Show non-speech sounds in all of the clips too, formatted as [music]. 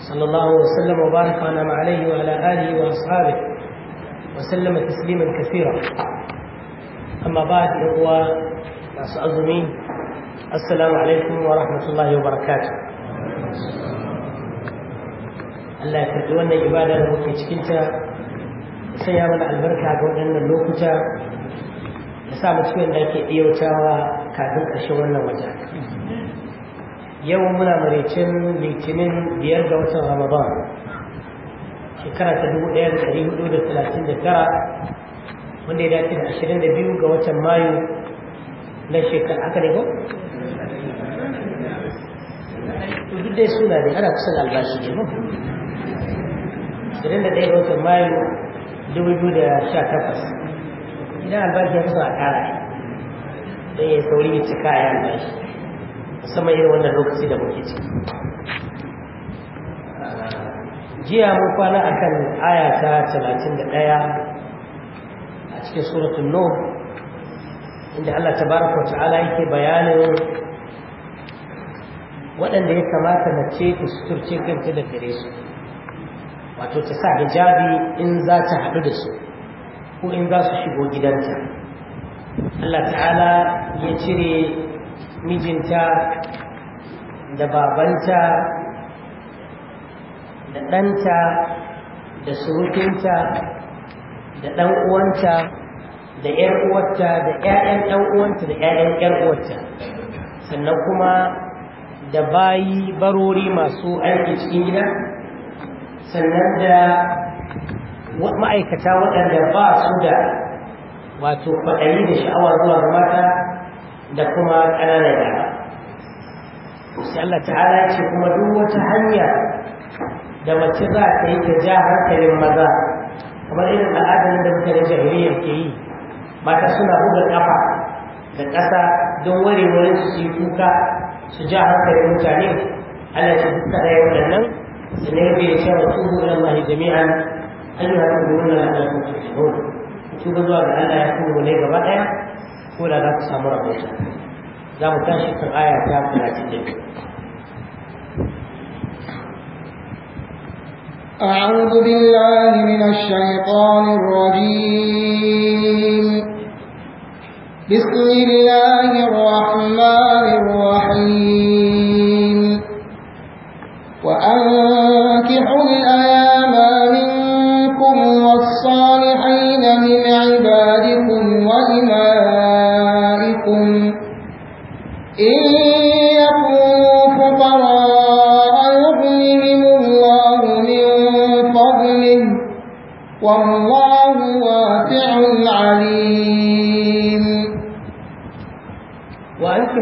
صلى الله وسلم وبارك أنعم عليه وعلى آله وأصحابه وسلم تسليما كثيرا أما بعد هو أزمين السلام عليكم ورحمة الله وبركاته Allah ya karɓi wannan ibada da muke cikinta sai ya mana albarka ga waɗannan lokuta da sa mu cikin da ake ɗiyautawa kafin ƙarshen wannan wajen. yau muna maraicin litinin biyar ga watan ramadan shekara ta dubu ɗaya da ɗari hudu da talatin da tara wanda ya dace da ashirin da biyu ga watan mayu na shekara aka ne ko? duk dai suna ne ana kusan albashi ne ko? ashirin da ɗaya ga watan mayu dubu biyu da sha takwas idan albashi ya kusa a kara ne don ya sauri ya cika ya albashi Sama irin wannan lokaci da muke ciki jiya mun kwana akan talatin da ɗaya a cikin suratul nur inda Allah tabaraka ta'ala yake bayanin waɗanda ya kamata na ce ta suturce kanta da gare su wato ta sa hijabi in za ta haɗu da su ko in za su shigo gidanta Allah ta'ala ya cire mijinta da babanta da ɗanta da surukinta da ɗan'uwanta, da ’yar’uwarta da ‘ya'yan ɗan'uwanta, da ‘ya'yan ’yar’uwarta sannan kuma da bayi barori masu aiki cikin gida sannan da ma'aikata waɗanda ba su da wato kwaɗayi da sha'awar zuwa mata da kuma ƙananan yara sai Allah ta'ala ce kuma duk wata hanya da mace za ta yi ta ja hankalin maza kamar irin al'adar da mutane jahiliyyar ke yi mata suna buga kafa da ƙasa don ware wurin su yi kuka su ja hankalin mutane Allah ce duk da yayin wannan su ne bai ce wa tuhu ila Allah jami'an ayyuhal mu'minuna la takuntu tuba zuwa ga Allah ya kuma ne gaba ɗaya ko da za ku samu rahoton za mu tashi kan aya ta أعوذ بالله من الشيطان الرجيم بسم الله الرحمن الرحيم وأنكحوا الآيات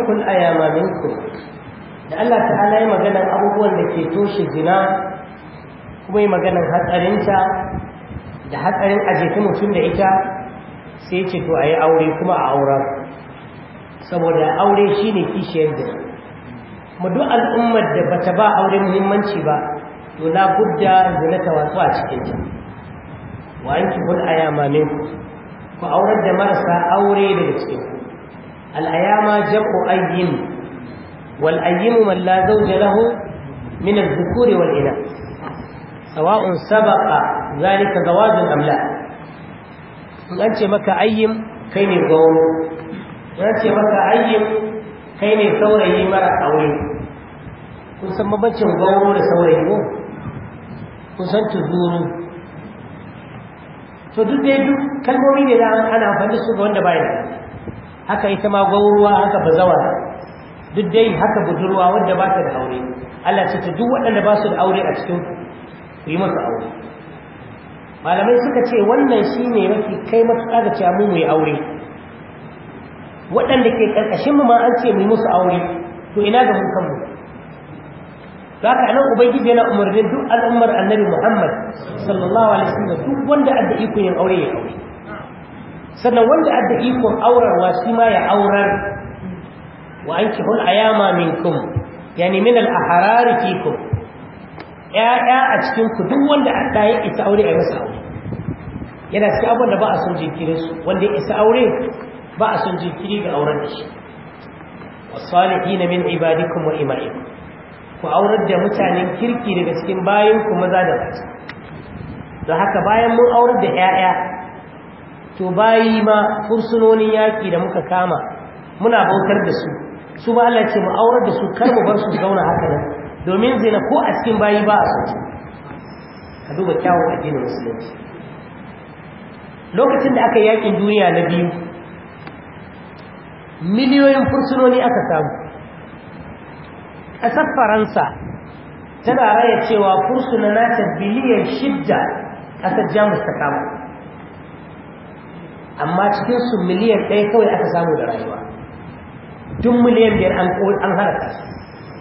kun ayama minku da Allah ta'ala yi maganar abubuwan da ke toshe zina kuma yi maganan hatsarinta da hatsarin a jefi mutum da ita sai ce to a yi aure kuma a auren saboda aure shine kishiyar da kuma duk al'ummar da bata ba aure muhimmanci ba to na gudda zina ta wasu a cikin ta wa anki hul ayama min ku aurar da marasa aure daga cikin ku al ayama jam'u ayyin wal ayyimu man la zawja lahu min al dhukuri wal inath sawa'un sabaqa zalika zawajun am la in an ce maka ayyim kai ne gawo ya ce masa ayyub kai ne saurayi mara aure kun san mabancin gauro da saurayi ne? kun san tuzuru to duk dai duk kalmomi ne da ana amfani su ga wanda bai da haka ita ma gauruwa haka bazawara duk dai haka budurwa wanda ba ta da aure Allah ce ta duk waɗanda ba su da aure a cikin ku yi masa aure malamai suka ce wannan shine mafi kai matuƙa da cewa mu mu yi aure waɗanda ke ƙarƙashin mu ma an ce mu musu aure to ina ga mun kanmu zaka anan ubangiji yana umarnin duk al'ummar annabi Muhammad sallallahu alaihi wasallam duk wanda adda iko yin aure ya aure sannan wanda adda ikon aurarwa shi ma ya aurar wa ankihu al-ayama minkum yani min al-ahrar fikum ya'ya a cikin ku duk wanda adda ya isa aure ya masa aure yana cikin abin da ba a son jinkirin su wanda ya isa aure ba a son jinkiri ga auren da shi wasalihina min ibadikum wa imaikum ku aurar da mutanen kirki daga cikin bayan ku maza da mata da haka bayan mun aurar da 'ya'ya to bayi ma fursunonin yaƙi da muka kama muna bautar da su su ba Allah ce mu aurar da su kar mu bar su zauna haka nan domin zina ko a cikin bayi ba a so ka duba kyawun addinin musulunci lokacin da aka yakin duniya na biyu miliyoyin fursunoni aka samu ƙasar faransa tana raya cewa fursuna ta biliyan shidda ƙasar jamus ta kama. amma cikinsu miliyan ɗaya kawai aka samu da rayuwa duk miliyan biyar an harata su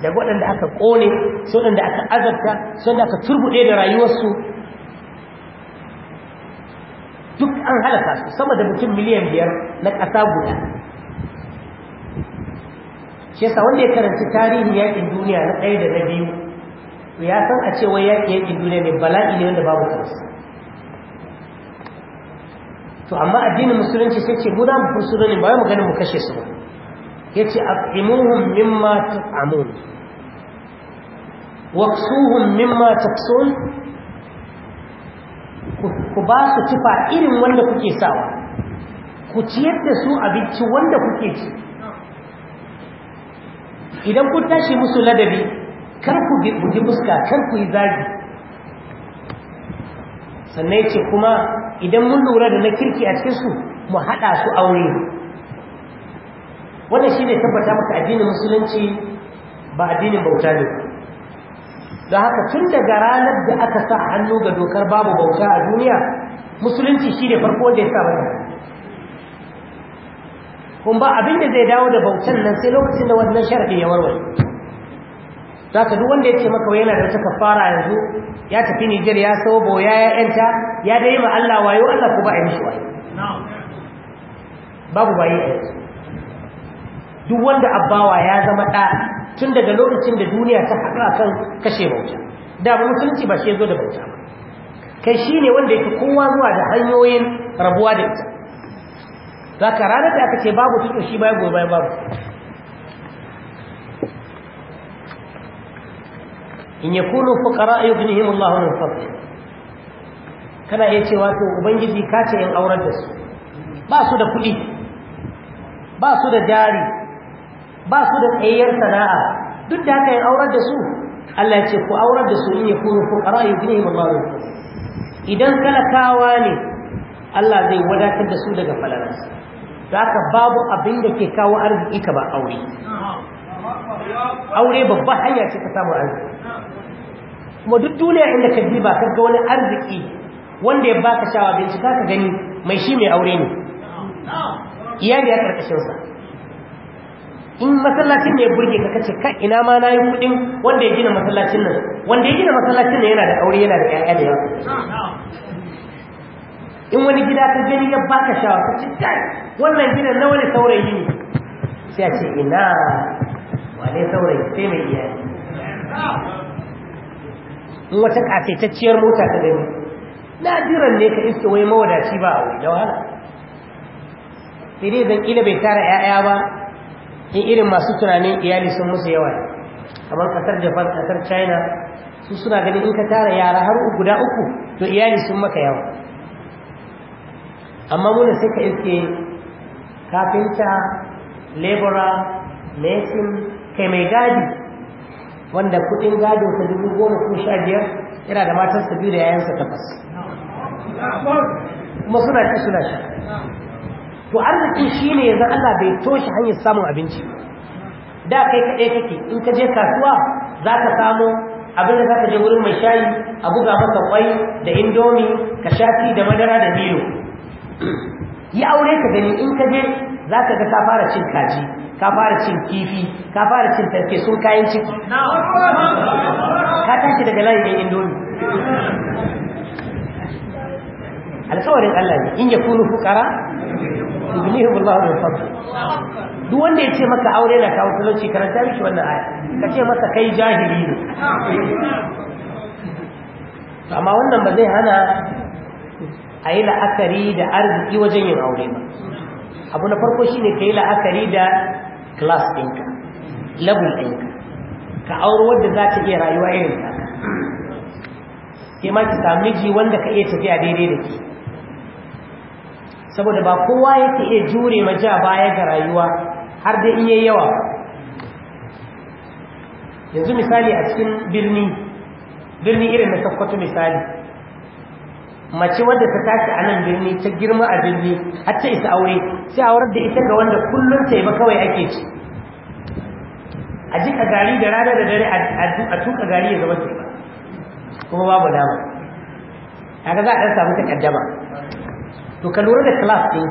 daga waɗanda aka ƙone su waɗanda aka azabta su waɗanda aka turbuɗe da rayuwarsu duk an halaka su sama da mutum miliyan biyar na ƙasa guda shi yasa wanda ya karanci tarihin yakin duniya na ɗaya da na biyu to ya san a cewa yaƙi yakin duniya ne bala'i ne wanda babu kansu to amma addinin musulunci sai ce mu mu fursuno ne ba wai maganin mu kashe su ba ya ce at'imuhum mimma tut'amun waqsuhum mimma taqsun ku ba su tufa irin wanda kuke sawa ku ciyar da su abinci wanda kuke ci idan kun tashi musu ladabi kar ku bugi fuska kar ku yi zagi sannan ce kuma idan mun lura da na kirki a cikin su mu haɗa su aure wannan shine ne tabbata maka addinin musulunci ba addinin bauta ne don haka tun daga ranar da aka sa hannu ga dokar babu bauta a duniya musulunci shine farko da ya sa kun ba abin da zai dawo da bautan nan sai lokacin da wannan sharadi ya warware za ka duk wanda ya ce maka yana da wata kafara yanzu ya tafi Nijar ya sawo boya ya yanta ya dai ma Allah wayo Allah ko ba a yi mishi wayo babu bayi a duk wanda abbawa ya zama ɗa tun daga lokacin da duniya ta haɗu a kan kashe bauta da ba musulunci ba shi ya zo da bauta ba kai shi ne wanda yake kowa zuwa da hanyoyin rabuwa da ita ka ranar da aka ce babu tudu shi bayan gobe bayan babu in yakunu fuqara yughnihim Allah min fadli kana iya cewa to ubangiji ka ce in aurar da su ba su da kuɗi ba su da jari ba su da tsayayyar sana'a duk da haka in aurar da su Allah ce ku aurar da su in yakunu fuqara yughnihim Allah min fadli idan kawa ne Allah zai wadatar da su daga falalarsa zaka babu abin da ke kawo arziki ka ba aure aure babba hanya ce ka samu arziki kuma duk duniya inda ka ji ba ka ga wani arziki wanda ya baka shawa bincika ka gani mai shi mai aure ne iyali ya karkashin in masallacin ne ya burge ka kace ka ina ma nayi kudin wanda ya gina masallacin nan wanda ya gina masallacin nan yana da aure yana da ƴaƴa da yawa in wani gida ta gani ya baka shawa ka ci dai wannan gidan na wani saurayi ne sai a ce ina wane saurayi sai mai iyali in wata ciyar mota ta gani na jiran ne ka iske wai mawadaci ba a wai da wahala sai dai zan ƙila bai tara 'ya'ya ba in irin masu tunanin iyali sun musu yawa kamar kasar japan kasar china su suna ganin in ka tara yara har guda uku to iyali sun maka yawa amma muna sai ka iske kafinta lebura, mesin kai mai gadi wanda kudin gadi ta dubu goma ko sha biyar yana da matarsa biyu da yayansa tabbas kuma suna ta suna sha to arziki shi ne yanzu Allah bai toshe hanyar samun abinci da kai kaɗai kake in ka je kasuwa za ka samu abin da za ka je wurin mai shayi a buga maka kwai da indomi ka shafi da madara da milo yi aure ka gani in ka je za ka ga ka fara cin kaji ka fara cin kifi ka fara cin tarke sun kayan ciki ka tashi daga layi ɗin indomi alkawarin Allah ne in ya kunu fukara yughnihum Allah min fadli duk wanda ya ce maka aure na kawo talauci karanta mishi wannan aya ka ce masa kai jahili ne amma wannan ba zai hana a yi la'akari da arziki wajen yin aure ba abu na farko shi ne ka yi la'akari da class ɗinka level ɗinka ka auri wadda za ta iya rayuwa irin ta ke ma ki sami ji wanda ka iya tafiya daidai da ke saboda ba kowa yake iya jure ma ja baya ga rayuwa har da in yayi yawa yanzu misali a cikin birni birni irin na sakkwato misali mace wadda ta tashi a nan birni ta girma a birni har ta isa aure sai aurar da ita ga wanda kullum ta yi ba kawai ake ci a jika gari da rana da dare a tuka gari ya zama ba, kuma babu dama ga za a ɗan samu ta takaddama to ka lura da class ɗin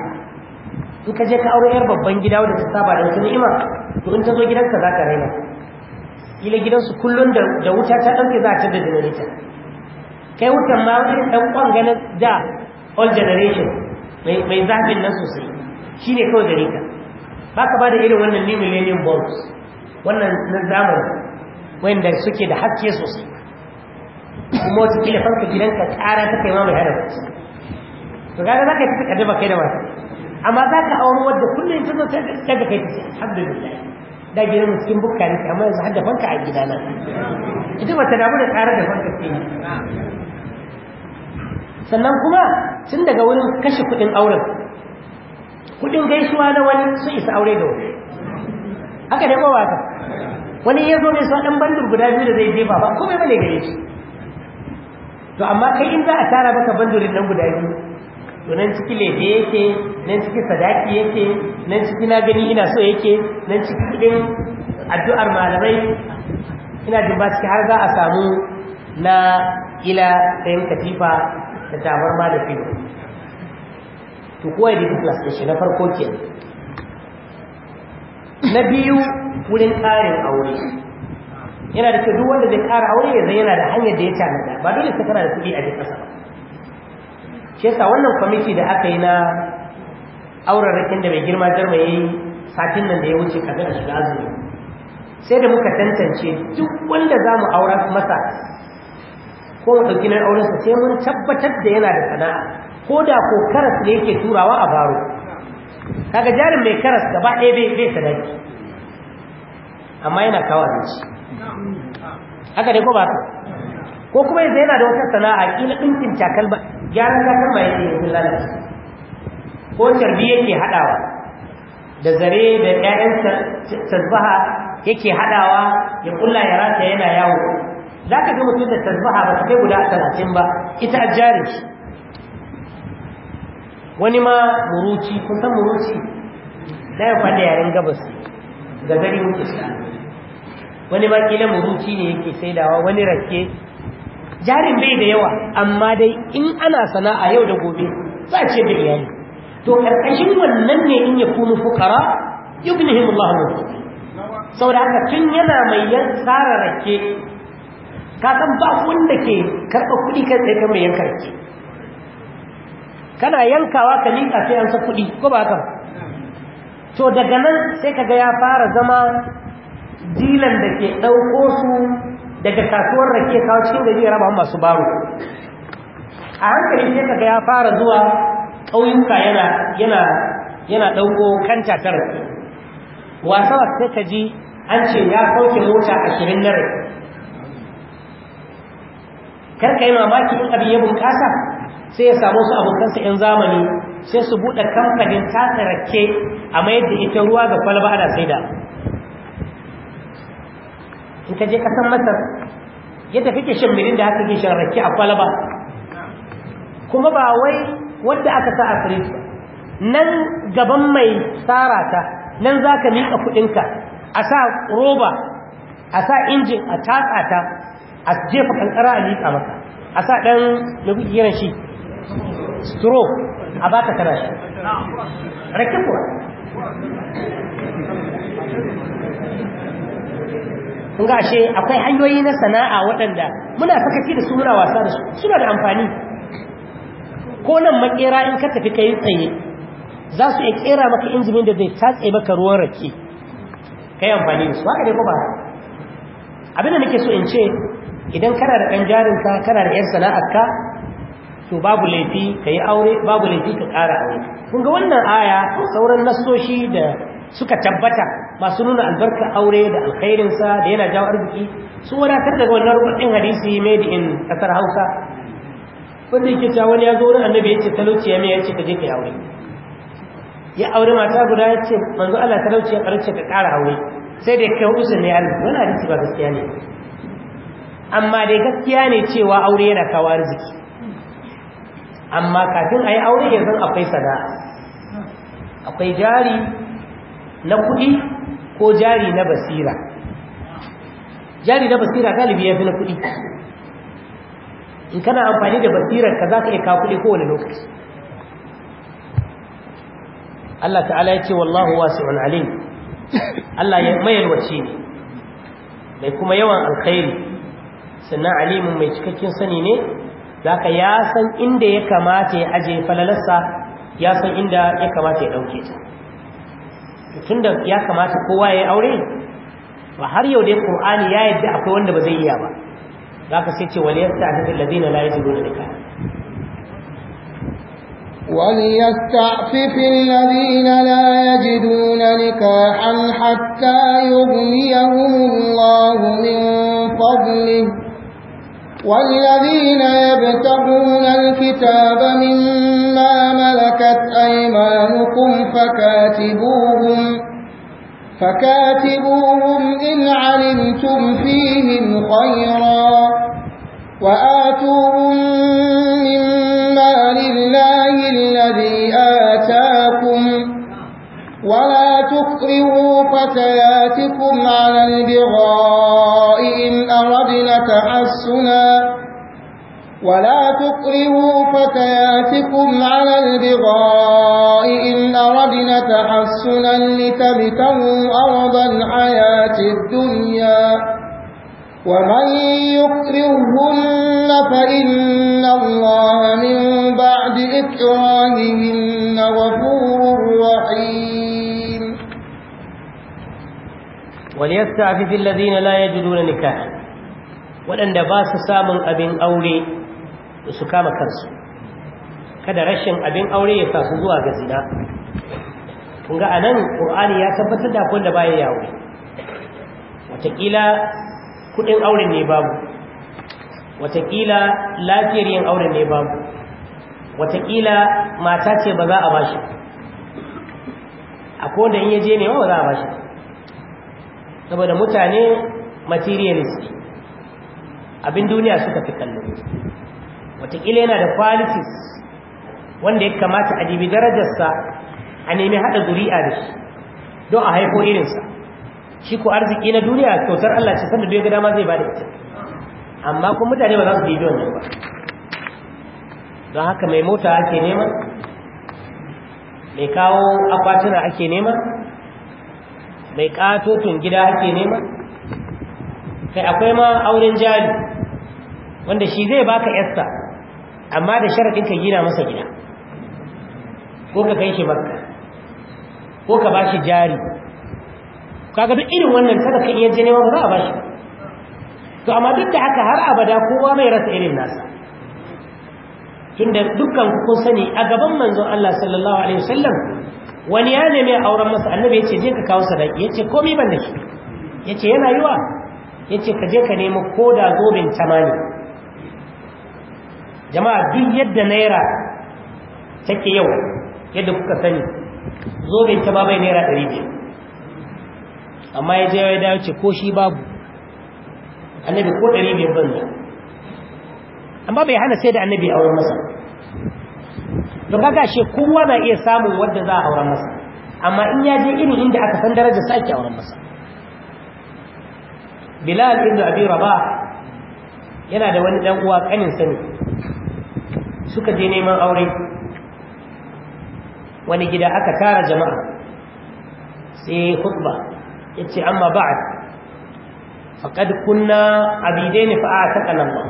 in ka je ka aure yar babban gida wadda ta saba da wasu ni'ima to in ta zo gidanka za ka raina ila gidansu kullum da wuta ta ɗauke za a tada generator kai wutan ma wani ɗan ƙwangana da all generation mai zafin nan sosai shi ne kawai gare ka ba ka ba da irin wannan new millennium bulbs wannan na zamani wanda suke da haske sosai kuma wata kila fanka gidanka kara ta kai ma mai hana to gada za ka yi ta kaddaba kai da wata amma za ka auri wadda kullum ta zo ta ga kai ta ce alhamdulillah da gidan mu cikin bukka ne amma yanzu haɗa fanka a gidana ita ba ta damu da tsara da fanka ce sannan kuma tun daga wurin kashe kuɗin auren kuɗin gaisuwa na wani su isa aure da wani haka da kowa wani ya zo mai ɗan bandur guda biyu da zai jefa ba komai bane gare shi to amma kai in za a tara baka bandurin nan guda biyu to nan ciki lebe yake nan ciki sadaki yake nan ciki na gani ina so yake nan ciki kudin addu'ar malamai ina jin ba ciki har za a samu na ila ɗayan katifa da tabarma da filo to kuwa ya dubi class na farko ke na biyu wurin ƙarin aure yana da duk wanda zai ƙara aure ya zai yana da hanyar da ya nada ba dole sai kana da kuɗi a duk ƙasa ba shi yasa wannan kwamiti da aka yi na aurarrakin da mai girma jarma ya yi satin nan da ya wuce kafin a shiga azumi sai da muka tantance duk wanda za mu aura masa ko mu na nan aurensa sai mun tabbatar da yana da sana'a ko da ko karas ne yake turawa a baro kaga jarin mai karas gaba ɗaya bai bai sadaki amma yana kawo abinci haka dai ko ba ka ko kuma yanzu yana da wata sana'a kila ɗinkin takalma gyaran takalma yake yanzu lalace ko carbi yake haɗawa da zare da ƴaƴan tasbaha yake haɗawa ya kulla ya rata yana yawo za ka ga mutum da tasbaha ba ta kai guda talatin ba ita a jarin shi wani ma muruci kusan muruci na yi faɗi yaren gabas ga gari mutu sa wani ma kila muruci ne yake saidawa wani rake jarin bai da yawa amma dai in ana sana'a yau da gobe za a ce da iyali to karkashin wannan ne in ya kuma fukara yughnihim Allah mutu. Sau da haka tun yana mai yan tsara rake ka san ba wanda ke karɓar kuɗi kai tsaye kan mai yanka kana yankawa ka liƙa sai an sa kuɗi ko ba haka to daga nan sai ka ga ya fara zama dilan da ke ɗauko su daga kasuwar rake kawo cikin gari ya raba masu baro a hankali sai ka ga ya fara zuwa ƙauyuka yana yana yana ɗauko kan tatar wasa sai ka ji an ce ya sauke mota ashirin na rake kar ka yi mamaki in abin ya bunƙasa sai ya samu su abokansa 'yan zamani sai su buɗe kamfanin tasa rake a mayar da ita ruwa ga kwalba ana saida in ka je kasan masar yadda ke shan birin da haka ke shan rake a kwalba kuma ba wai wadda aka sa a firis nan gaban mai tsara ta nan za ka miƙa kuɗinka a sa roba a sa injin a tasata. a jefa kankara a miƙa maka a sa ɗan da kuke kiran shi stro a ka kana shi rakin kuwa kun ga ashe akwai hanyoyi na sana'a waɗanda muna sakaci da su muna wasa da su suna da amfani ko nan makera in ka tafi kayi tsaye za su iya kera maka injimin da zai tatse maka ruwan rake kai amfani da su haka dai ko ba abin da nake so in ce idan kana da ɗan jarinka kana da ‘yan sana'arka to babu laifi ka yi aure babu laifi ka ƙara aure kun ga wannan aya sauran nasoshi da suka tabbata masu nuna albarka aure da alkhairinsa da yana jawo arziki sun wadatar daga wannan rubutun hadisi made in ƙasar hausa wanda yake cewa wani ya zo wurin annabi ya ce talauci ya mai ya ce ka je ka yi aure ya aure mata guda ya ce manzo Allah talauci ya ƙarce ka ƙara aure sai da ya kai hudu sun ne ya wani hadisi ba gaskiya ne amma dai gaskiya ne cewa aure yana kawo arziki amma kafin a yi aure yanzu akwai sana'a akwai jari na kuɗi ko jari na basira jari na basira galibi ya fi na kuɗi in kana amfani da basirar ka za ka iya kawo kuɗi kowane lokaci Allah ta'ala ya ce wallahu wani alim Allah ya mayalwace ne mai kuma yawan alkhairi sannan alimin mai cikakken sani ne za ka ya san inda ya kamata ya aje falalarsa ya san inda ya kamata ya dauke ta da ya kamata kowa ya aure ba har yau dai ƙur'ani ya yadda akwai wanda ba zai iya ba ka sai ce wal yasta'fu alladhina la da nikah وليستعفف الذين لا يجدون نكاحا حتى يغنيهم الله من فضله والذين يبتغون الكتاب مما ملكت أيمانكم فكاتبوهم فكاتبوهم إن علمتم فيهم خيرا وآتوهم مما لله الذي آتاكم ولا تكرهوا فتياتكم على البغاء إن أردنا تحسناً ولا تكرهوا فتياتكم على البغاء إن أردنا تحسنا لتبتغوا أرض الحياة الدنيا ومن يكرهن فإن الله من بعد إكراههن غفور رحيم وليستعفف الذين لا يجدون نكاحا ولن ba سام أبن أولي su kama kansu kada rashin abin aure ya sa su zuwa ga zina kun ga anan qur'ani ya tabbatar da kun da baya yawo. aure watakila kudin auren ne babu watakila lafiyar yin auren ne babu watakila mata ce ba za a bashi a kowanne in yaje ne ba za a bashi saboda mutane materialist abin duniya suka fi kallon. wataƙila yana da qualities wanda ya kamata a dibi darajarsa a nemi haɗa zuri'a da shi don a haifo irinsa shi ko arziki na duniya kyautar Allah ce sanda duk dama zai da ita amma kuma mutane ba za su dibi wannan ba don haka mai mota ake nema mai kawo akwatuna ake nema mai katotun gida ake nema kai akwai ma auren jari wanda shi zai baka yasta amma da sharaɗin ka gina masa gida ko ka kai shi makka ko ka bashi jari kaga duk irin wannan sadaka iya jini neman ba za a shi to amma duk da haka har abada kowa mai rasa irin nasa tunda dukkan kun sani a gaban manzon Allah sallallahu alaihi wasallam wani ya nemi auren masa annabi yace je ka kawo sadaki yace komai ban da shi yace yana yiwa yace ka je ka nemi koda zobin tamani jama'a duk yadda naira take yau yadda kuka sani zo bai ta babai naira ɗari biyar amma ya je ya dawo ce ko shi babu annabi ko ɗari biyar ban da amma bai hana sai da annabi a wurin masa to kaga shi kowa na iya samun wanda za a auren masa amma in ya je irin inda aka san daraja sake auren masa bilal ibn abi rabah yana da wani dan uwa kanin sani suka je neman aure wani gida aka tara jama'a sai Ya ce amma ba'd faqad kunna abidain fa ataqana Allah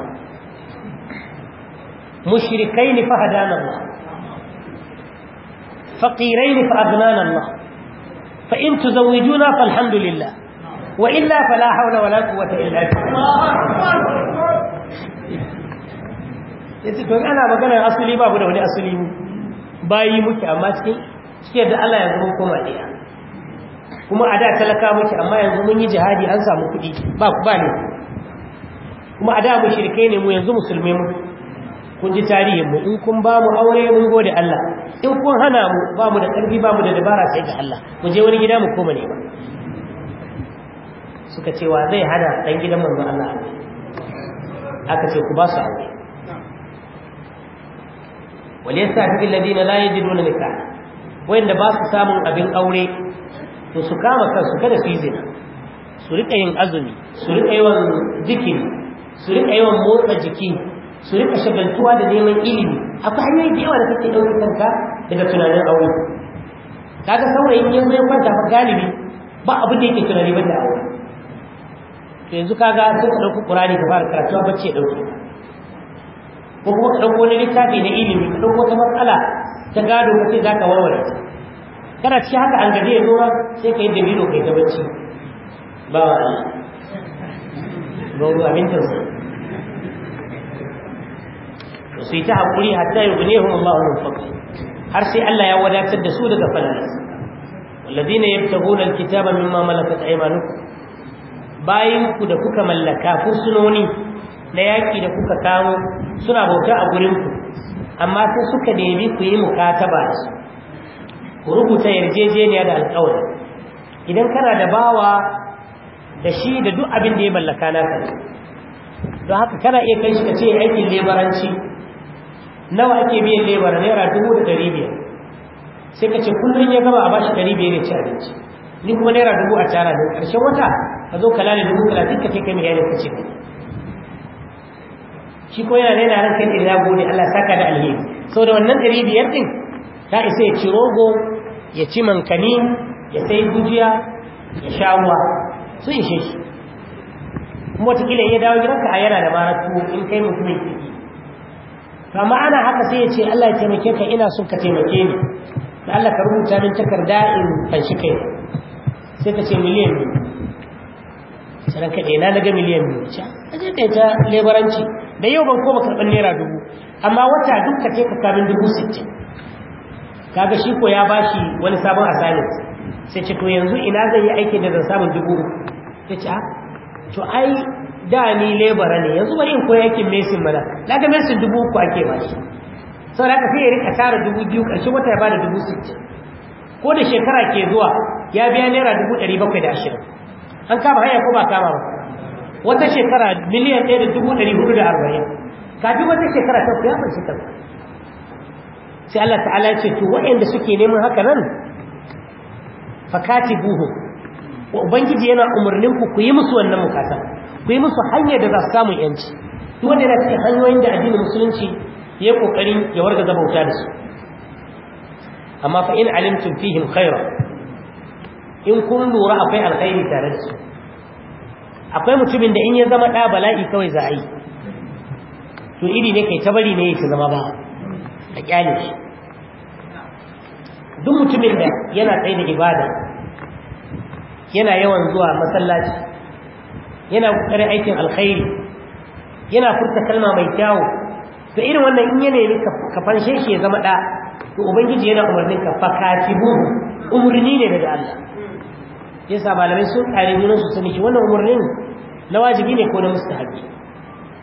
mushrikain fa hadana Allah faqirain fa aghnana Allah fa in tuzawwijuna falhamdulillah wa illa fala hawla wala quwwata illa billah ya to ana magana asali babu da wani asali mu bayi muke amma cikin cike da Allah ya zama koma ɗaya kuma a da talaka muke amma yanzu mun yi jihadi an samu kuɗi ba ku ba kuma a da mu shirke ne mu yanzu musulmi mu kun ji tarihin mu in kun ba mu aure mun gode Allah in kun hana mu ba mu da ƙarfi ba mu da dabara sai ga Allah mu je wani gida mu koma ne ba suka ce wa zai hana dan gidan manzo Allah aka ce ku ba su aure wal yastafi alladhina la yajiduna nikah wanda ba su samun abin aure to su kama kansu kada su yi zina su rika yin azumi su rika yawan zikiri su rika yawan motsa jiki su rika shagaltuwa da neman ilimi akwai hanyoyi da yawa da kake ɗauki kanka daga tunanin aure kaga saurayin yanzu ya kwanta fa galibi ba abin da yake tunani ba da aure to yanzu kaga sai ka ɗauki ƙurani ka fara karatu a bacci ya ɗauke ko kuma ka ɗauko wani littafi na ilimi ka ɗauko ta matsala ta gado ka ce za ka warware ta kana ci haka an gaje ya zo sai ka yi dabino ka yi ta bacci ba wa Allah ba ruwa min tausayi su yi ta haƙuri hatta yi gune hun Allah wani faƙi har sai Allah ya wadatar da su daga falalas wallazi ne ya tabo da kitaba min ma malakat aimanu bayan ku da kuka mallaka fursunoni na yaƙi da kuka kawo suna bauta a gurinku amma sai suka nemi ku yi mukataba da su ku rubuta yarjejeniya da alƙawari idan kana da bawa da shi da duk abin da ya mallaka naka ne don haka kana iya kai shi ka ce aikin lebaranci nawa ake biyan lebar naira dubu da ɗari biyar sai ka ce kullum ya gama a bashi ɗari biyar ya ci abinci ni kuma naira dubu a tara ne, ƙarshen wata ka zo ka lalace dubu talatin ka kai kai mai yanin ka ce kai shi ko yana raina ran sai ya gode Allah saka da alheri so da wannan ɗari biyar din ta isa ya ci rogo ya ci mankani ya sai gujiya ya sha ruwa su in shi kuma wataƙila ya dawo gidanka a yana da maratu in kai mutumin ciki to amma ana haka sai ya ce Allah ya taimake ka ina son ka taimake ni da Allah ka rubuta min takarda in fanshi kai sai ka ce miliyan biyu sanan ka na daga miliyan biyu ce ah, ka je ta lebaranci da yau ban koma karɓar naira dubu amma wata dukka ce ka kamin dubu sittin kaga shi ko ya bashi wani sabon assignment sai ce to yanzu ina zai yi aiki da zan samun dubu ya ce ah, to ai da ni lebara ne yanzu bari in koya aikin mesin mana na ga mesin dubu uku ake bashi sau da ka fiye rika tara dubu biyu ƙarshen wata ya bada dubu sittin ko da shekara ke zuwa ya biya naira dubu ɗari bakwai da ashirin an kama hanyar ko ba kama ba wata shekara miliyan ɗaya da dubu ɗari hudu da arba'in kafin wata shekara ta fiye mai shekara sai Allah ta'ala ya ce to waɗanda suke neman haka nan fakati buhu wa ubangiji yana umarnin ku ku yi musu wannan mukata, ku yi musu hanyar da za su samu yanci duk wanda yana cikin hanyoyin da addinin musulunci ya yi kokarin ya warga zabauta da su amma fa in alimtum fihim khaira in kun lura akwai alkhairi tare da su akwai mutumin da in ya zama ɗa bala'i kawai za a yi to iri ne kai ta bari ne ya zama ba a kyale shi duk mutumin da yana tsaye da ibada yana yawan zuwa masallaci yana kokarin aikin alkhairi yana furta kalma mai kyawu to irin wannan in yana yi ka shi ya zama ɗa to ubangiji yana umarnin ka fakatibu umarni ne daga Allah yasa malamai sun kare gurin su sani shi wannan umarnin na wajibi ne ko na mustahabi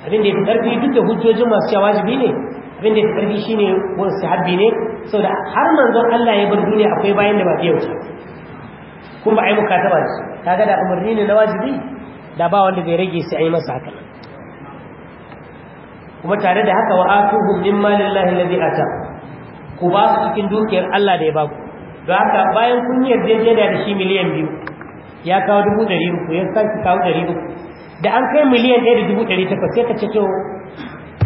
abin da ya fi karfi duk da hujjojin masu cewa wajibi ne abin da ya fi karfi shine mustahabi ne saboda har manzon Allah ya bar duniya akwai bayan da ba biya wuce kun ba ai mukataba ne su kaga da umarni ne na wajibi da ba wanda zai rage sai ai masa haka kuma tare da haka wa atuhum mimma lillahi alladhi ata ku ba su cikin dukiyar Allah da ya ba ku don haka bayan kun yarjejeniya da shi miliyan biyu ya kawo dubu ɗari uku ya sake kawo ɗari uku da an kai miliyan ɗaya da dubu ɗari takwas sai ka ce to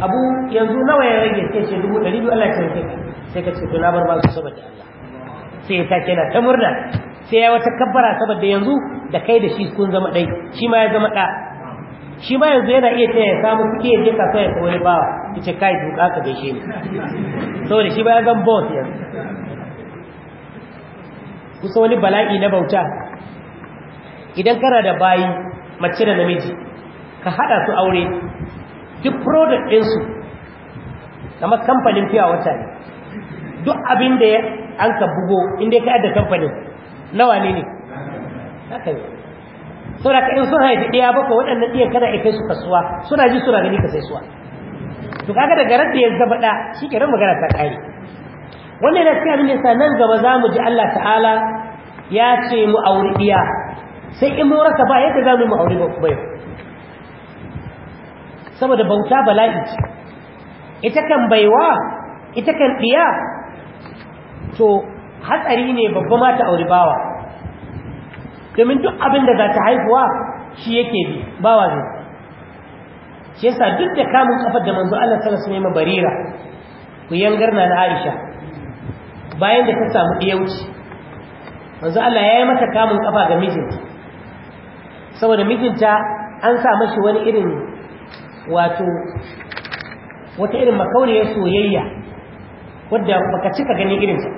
abu yanzu nawa ya rage sai ce dubu ɗari biyu Allah ya ce sai ka ce to na bar ba su saboda Allah sai ya sake na ta murna sai ya wata kabbara saboda yanzu da kai da shi sun zama ɗai shi ma ya zama ɗa shi ma yanzu yana iya taya ya samu kuɗi ya je kasuwa ya kawai bawa ya ce kai duka ka gaishe ni saboda shi ba ya zan boss yanzu kusa wani bala'i na bauta idan kana da bayi mace da namiji ka haɗa su aure duk product ɗinsu kamar kamfanin fiya wata ne duk abin da an ka bugo inda ka da kamfanin nawa ne ne haka ne saboda ka in sun haifi ɗaya baka waɗannan iya kada ikai su kasuwa suna ji suna gani ka sai suwa to kaga daga ran da ya zaba da shi kenan magana ta kare wannan yana cikin abin da nan gaba za mu ji Allah ta'ala ya ce mu auri iya sai in mun rasa ba yadda za mu aure bai saboda bauta bala'i ce ita kan baiwa ita kan ɗiya to hatsari ne babba mata aure bawa domin duk abin da za ta haifuwa shi yake bi bawa zai shi yasa duk da kamun kafar da manzo Allah sallallahu alaihi wasallam barira ku yangar na Aisha bayan da ta samu ɗiyauci manzo Allah ya yi mata kamun kafa ga mijinta saboda mijinta an sa mashi wani irin wato wata irin makauniyar soyayya wadda baka cika ganin irinsa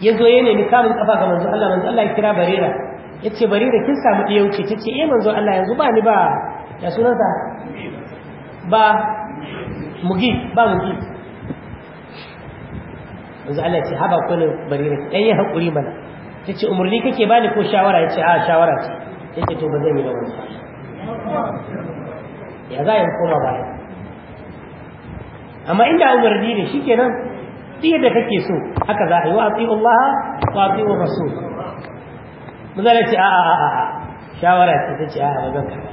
ya zo ya nemi kamun kafa ga manzo Allah manzo Allah ya kira barira ya ce barira kin samu ɗaya wuce ta ce eh manzo Allah yanzu ba ni ba ya sunanta? ba mugi ba mugi manzo Allah ya ce haba kwanin barira ɗan haƙuri mana ta ce umarni kake bani ko shawara ya ce a shawara ce ya ce to ba zan yi da wani ya za a yi koma baya amma inda umarni ne shi kenan tsaye da kake so haka za a yi wa a Allah wa a wa masu mu zai ce a a a a shawara ce ta ce a a ba zan kara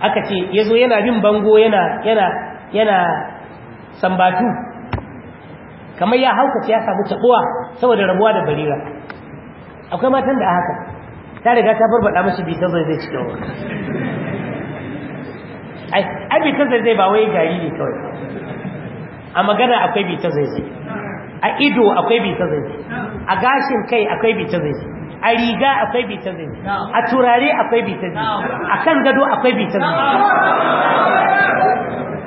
aka ce ya zo yana bin bango yana yana yana sambatu kamar ya hauka ya samu tabuwa saboda rabuwa da barira akwai matan da haka ta riga ta barbaɗa mashi bi zai zai cikin wani ai bi zai zai ba wai gari ne kawai a magana akwai bi zai zai a ido akwai bi zai zai a gashin kai akwai bi zai zai a riga akwai bi bitan zai a turare akwai bi bitan zai a kan gado akwai bi bitan zai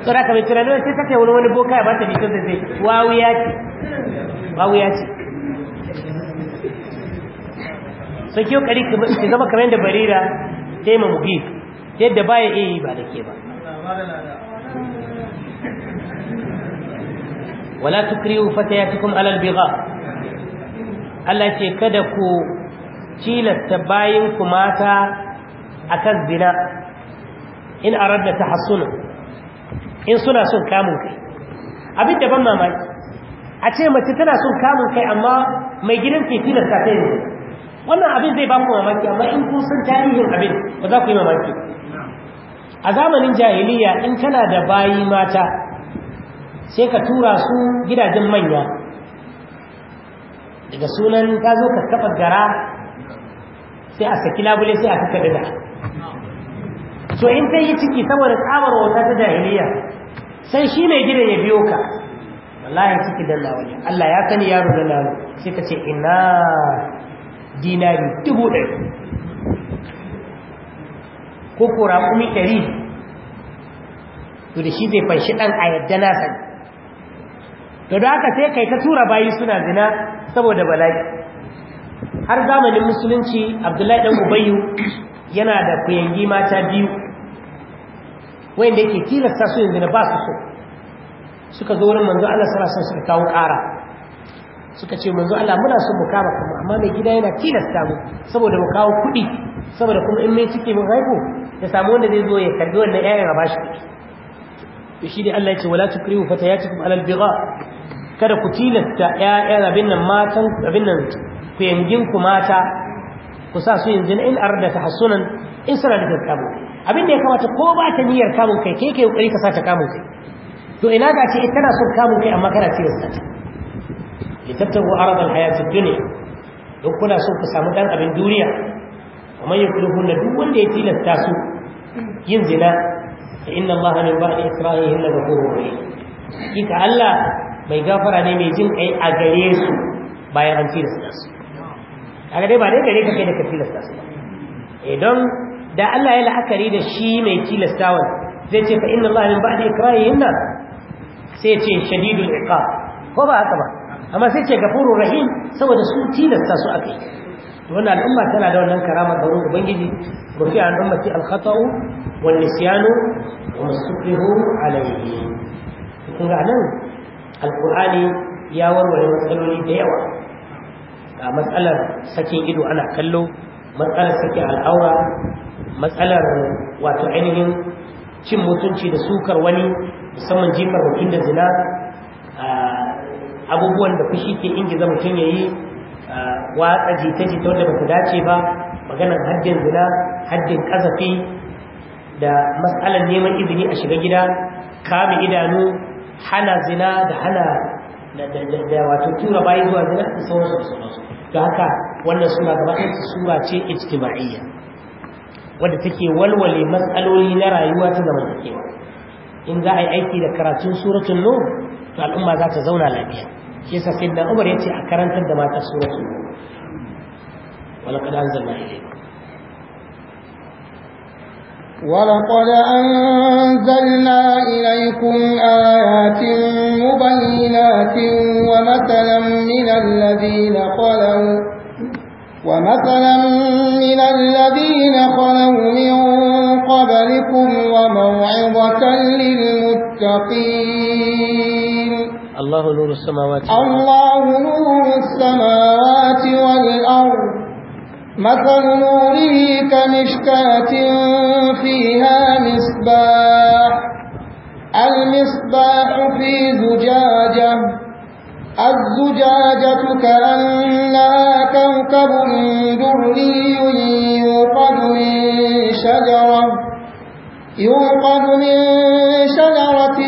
sau da ka mai tunanin sai ta kai wani wani boka ya bata bikin da zai wawuya ce wawuya ce sun kiyo kari ki zama kamar yadda barira ta yi mamuhi yadda baya iya yi ba da ke ba wala tukriyu fatayatukum alal bigha Allah ce kada ku cilasta bayin ku mata akan zina in aradda tahassuna in suna son kamun kai abin da ban mamaki a ce mace tana son kamun kai amma mai gidan ke tilasta ta yi wannan abin zai ba ku mamaki amma in kun san tarihin abin ba za ku yi mamaki a zamanin jahiliya in tana da bayi mata sai ka tura su gidajen manya daga sunan ka zo ka kafa gara sai a saki labule sai a kaka dada so in ta yi ciki saboda tsabar wata ta jahiliya sai shi mai gidan ya biyo ka wallahi ciki dalla wani Allah ya sani yaro da wani sai ka ce ina dinari dubu ɗari ko ko raƙumi ɗari to da shi zai fanshi ɗan a yadda na sani to da haka sai kai ta tura bayi suna zina saboda bala'i har zamanin musulunci abdullahi ɗan ubayyu yana da kuyangi mata biyu wanda yake tilasta su yanzu na ba su so suka zo wurin manzo Allah sallallahu alaihi suka kawo ƙara suka ce manzo Allah muna son mu kama kuma amma mai gida yana tilasta mu saboda mu kawo kuɗi saboda kuma in mai cike mun haihu ya samu wanda zai zo ya karbi wannan ƴaƴan a bashi to shi dai Allah ya ce wala tukrihu fatayatikum alal bigha kada ku tilasta ƴaƴan abin nan matan abin nan ku yangin ku mata ku sa su yanzu in arda tahassunan in suna da gaskabo abin da ya kamata ko ba ta niyyar kamun kai ke ke kokari ka sa ta kamun kai to ina ga ce tana son kamun kai amma kana tilas ta litabtahu arad alhayatid dunya don kuna son ku samu dan abin duniya kuma yakuluhun da duk wanda ya tilasta su yin zina fa inna allaha min ba'di isra'ihi la ghafurur rahim kika Allah mai gafara ne mai jin kai a gare su bayan an tilasta su kaga dai ba dai gare ka kai da ka tilasta su idan da Allah ya la'akari da shi mai tilastawan zai ce fa inna Allah min ba'di ikrahihinna sai ce shadidul iqab ko ba haka ba amma sai ce gafurur rahim saboda su tilasta su akai to wannan al'umma tana da wannan karama da wurin ubangiji rufi an ummati al-khata'u wal nisyanu wa mastukrihu alayhi kun ga nan alqur'ani ya warware matsaloli da yawa ga matsalar sakin ido ana kallo matsalar sakin al'aura matsalar wato ainihin cin mutunci da sukar wani musamman jifar mutum da zina abubuwan da fushi ke ingiza mutum ya yi watsa jita-jita wanda ba ta dace ba maganar haddin zina haddin kazafi da matsalar neman izini a shiga gida kame idanu hana zina da hana da wato tura bayi zuwa zina da sauransu da sauransu haka wannan suna gaba ɗaya sura ce ijtima'iyya wadda take walwale matsaloli na rayuwa ta zaman da kewa, in za a yi aiki da karatun suratul nur to al'umma za ta zauna lafiya shi yasa sai dan umar yace a karantar da mata suratul nur walaqad anzalna ilayka ولقد أنزلنا إليكم آيات مبينات ومثلا من الذين خلوا ومثلا إلى الذين خلوا من قبلكم وموعظة للمتقين الله نور السماوات الله نور السماوات والأرض مثل نوره كمشكاة فيها مصباح المصباح في زجاجة الزجاجة كأنها كوكب دري يوقد من شجرة يوقد من شجرة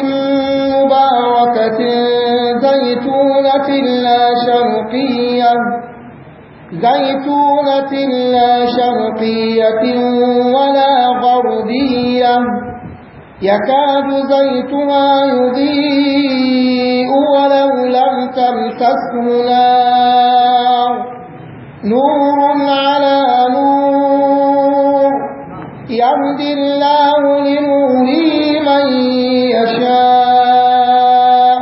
مباركة زيتونة لا شرقية زيتونة لا شرقية ولا غربية يكاد زيتها يضيء ولو لم تمسسه نار نور على نور يهدي الله لنوره من يشاء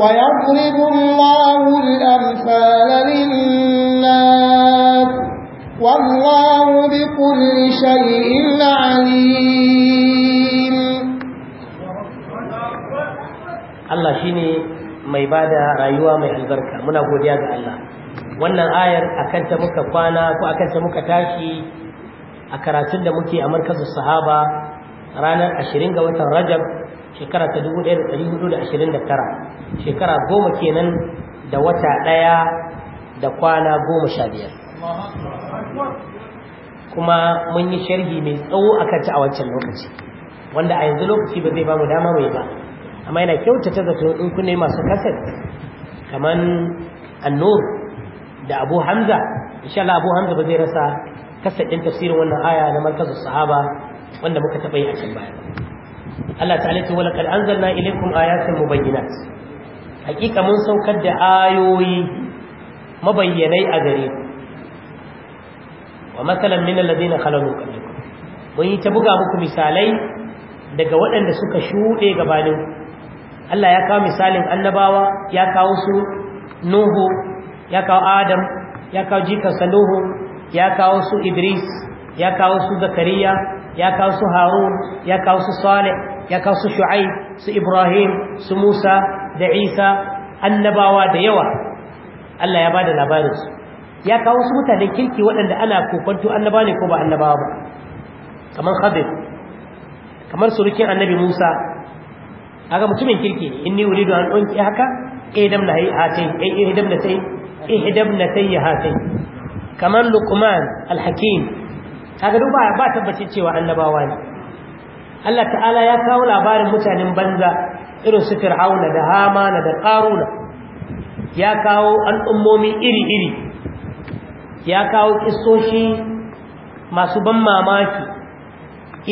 ويضرب الله الأمثال للناس والله بكل شيء عليم mai ba da rayuwa mai albarka muna godiya ga Allah wannan ayar akan ta muka kwana ko akan ta muka tashi a karatun da muke a markazin sahaba ranar 20 ga watan rajab shekara ta 1429 shekara goma kenan da wata ɗaya da kwana goma sha biyar kuma mun yi sharhi mai tsawo a kanta a wancan lokaci wanda a yanzu lokaci ba zai ba mu dama mai ba amma yana kyautata zato in ku ne masu kasar kamar annur da abu hamza insha abu hamza ba zai rasa kasar ɗin tafsirin wannan aya na markazin sahaba wanda muka taɓa yi a can baya Allah ta'ala ce wala kad anzalna ilaykum ayatan mubayyinat hakika mun saukar da ayoyi mabayyanai a gare ku wa masalan min alladhina khalalu qablikum mun yi ta buga muku misalai daga waɗanda suka shuɗe gabanin Allah ya kawo misalin annabawa ya kawo su Nuhu ya kawo Adam ya kawo jikarsa Nuhu ya kawo su Idris ya kawo su Zakariya ya kawo su Harun ya kawo su Saleh, ya kawo su Shu'aib su Ibrahim su Musa da Isa annabawa da yawa Allah ya bada labarin su ya kawo su mutanen kirki waɗanda ana kokonto annaba ne ko ba annabawa ba kamar Khadir kamar surukin annabi Musa kaga mutumin kirki ne inni uridu an unki haka ihdam eh na hatin ihdam eh, eh na sai ihdam na sai hatin kamar luqman alhakim kaga duba ba tabbacin cewa annabawa ne Allah ta'ala ya kawo labarin mutanen banza irin su fir'auna da hamana da qaruna ya kawo al'ummomi iri-iri ya kawo kisoshi masu ban mamaki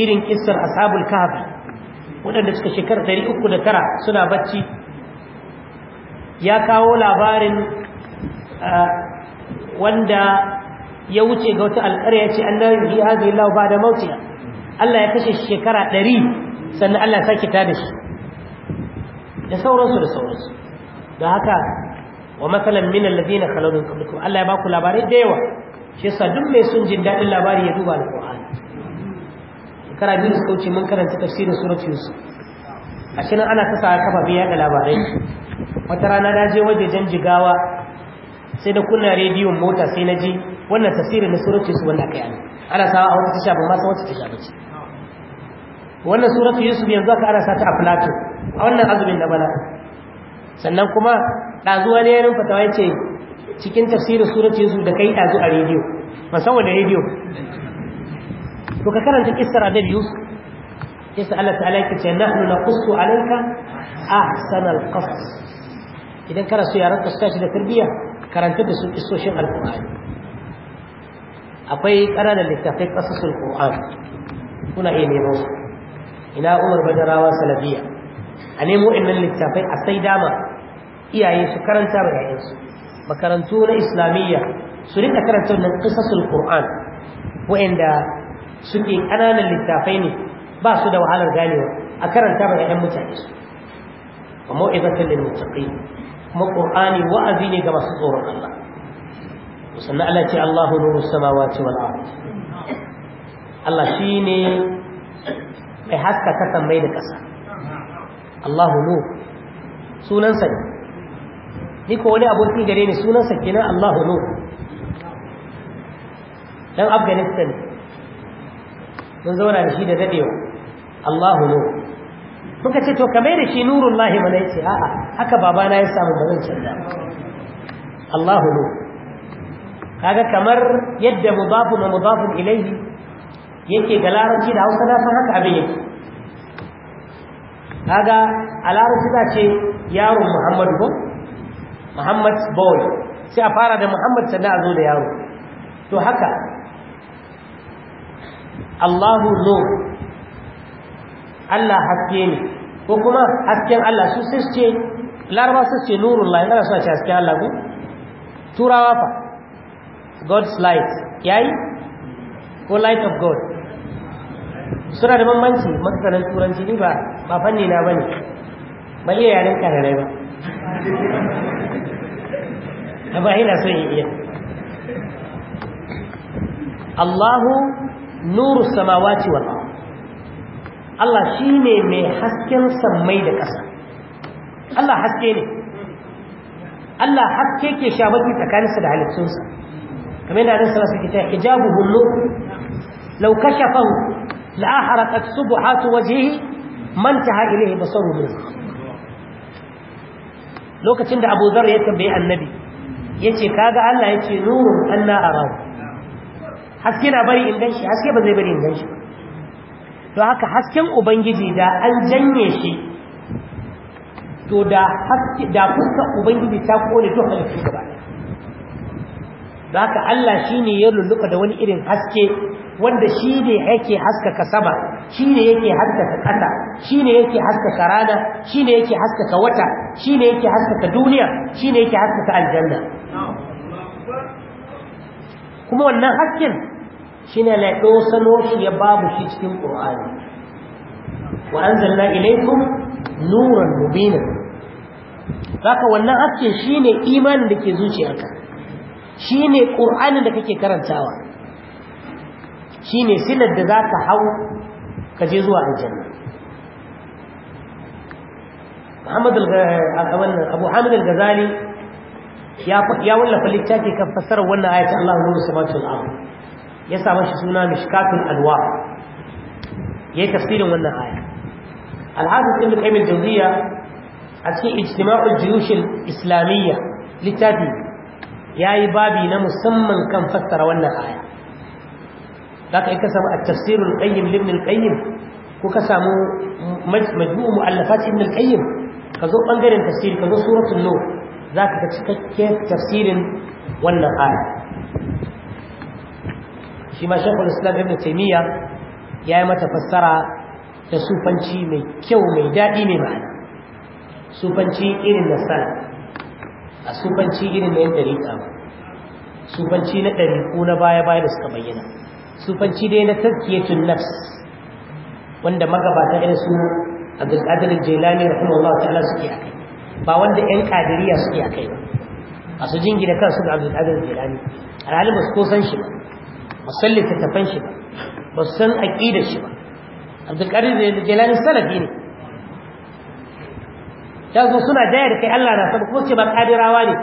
irin kissar ashabul kahf waɗanda suka shekara ɗari uku da tara suna bacci ya kawo labarin wanda ya wuce ga wata alƙarya ce an layu yi hazi lau ba da mautiya Allah ya kashe shekara ɗari sannan Allah sake ta da shi da sauransu da sauransu da haka wa matsalan min alladhina na min qablikum Allah ya baku labarai da yawa shi yasa duk mai sun jin daɗin labari ya duba ƙwa'ani shekara biyu da suka wuce mun karanta tafsirin surat yusuf a shi ana ta kafa biya da labarai wata rana na je waje jan jigawa sai da kunna rediyon mota sai na ji wannan tafsirin na surat yusuf wanda aka yi ana sawa a wata tasha ba ma san wata tasha ba ce wannan surat yusuf yanzu aka ana sa ta a plato a wannan azumin na bala sannan kuma ɗazuwa ne yarin fatawa ya ce cikin tafsirin surat yusuf da kai ɗazu a rediyo musamman da rediyo to ka karanta kissar annabi yusuf kissa Allah ta'ala yake ce nahnu naqussu alayka ahsanal qasas idan kana so yaran ka tashi da tarbiyya karanta da su kissoshin alqur'ani akwai ƙananan littafai ƙasasun qur'an kuna iya nemo ina umar badarawa salafiya a nemo innan littafai a sai dama iyaye su karanta ba yayansu makarantu na islamiyya su rika karanta wannan qisasul qur'an wa'anda suke kananan littafai ne ba su da wahalar ganewa a karanta ba ga 'yan mutane su wa mau'izatan lil muttaqin kuma qur'ani wa'azi ne ga masu tsoron Allah sannan Allah ce Allahu nuru samawati wal ard Allah shi ne mai haska kasan mai da ƙasa. Allah nur sunansa ne ni ko wani aboki gare ni sunansa kenan Allah nur dan Afghanistan mun zauna da shi da dadewa Allahu nur muka ce to ka mai da shi nurullahi mana yace a'a haka babana ya samu ba zan canza Allahu nur kaga kamar yadda mudafu na mudafun ilaihi yake ga larabci da Hausa da san haka abin yake kaga a larabci za ce yaron Muhammad ko Muhammad boy sai a fara da Muhammad sannan a zo da yaro to haka Allahu nur Allah haske ne ko kuma hasken Allah su sai ce laraba su ce nurullahi kada suna ce hasken Allah ko turawa fa God's light yayi ko light of God suna da bambanci matsalan turanci ni ba ba fanni na bane ba iya yaren kararai ba ba ina son iya Allahu nuru samawati wal Allah shine mai hasken sammai da ƙasa Allah haske ne Allah haske ke shamaki tsakaninsa da halittunsa kamar da Annabi sallallahu alaihi wasallam ya ce hijabuhu nur law kashafahu la ahraqat subuhatu wajhihi man taha ilayhi basaru min lokacin da Abu Dharr ya tambaye Annabi yace kaga Allah yace nuru anna arahu haske na bari in ganshi haske ba zai bari in ganshi to haka hasken ubangiji da an janye shi to da haske da fuskar ubangiji ta kone duk halittu gaba da haka Allah shine ya lulluka da wani irin haske wanda shi ne yake haskaka sama shi ne yake haskaka ƙasa shi ne yake haskaka rana shi ne yake haskaka wata shi ne yake haskaka duniya shi ne yake haskaka aljanna kuma wannan hasken shine na ɗosano shi ya babu shi cikin ƙur'ani wa anzalna ilaikum nuran mubina zaka wannan haske shine imanin da ke zuciyarka shine ƙur'anin da kake karantawa Shi ne silar da za ka hau ka je zuwa aljanna Muhammad Abu Hamid al-Ghazali ya wallafa littafi kan fassarar wannan ayatul Allah nuru samatul ardh ya sa mashi suna mishkatul alwa yi tafsirin wannan aya al-hafiz ibn qayyim jawziya a cikin ijtima'ul juyush islamiyya littafi yayi babi na musamman kan fassara wannan aya zaka ka samu at-tafsir qayyim ibn al-qayyim ko ka samu majmu'u mu'allafat ibn al-qayyim ka zo bangaren tafsiri ka zo suratul nur zaka ga cikakken tafsirin wannan aya shi ma shekul islam ibn taimiyya ya yi mata fassara da sufanci mai kyau mai daɗi mai ma'ana sufanci irin na sana a sufanci irin na yin ɗariƙa sufanci na ɗari ko na baya-baya da suka bayyana sufanci dai na tazkiyatun nafs wanda magabata irin su abdulkadir jailani wata ala suke a kai ba wanda yan kadiriya suke a kai ba a su jingina kansu ga abdulkadir jailani alhalin ba su ko san shi ba ba sallin littattafan shi ba ba san aƙidar shi ba abdulkadir da jelani salafi ne ta zo suna daya da kai Allah na saba kuma ce ba ƙadirawa ne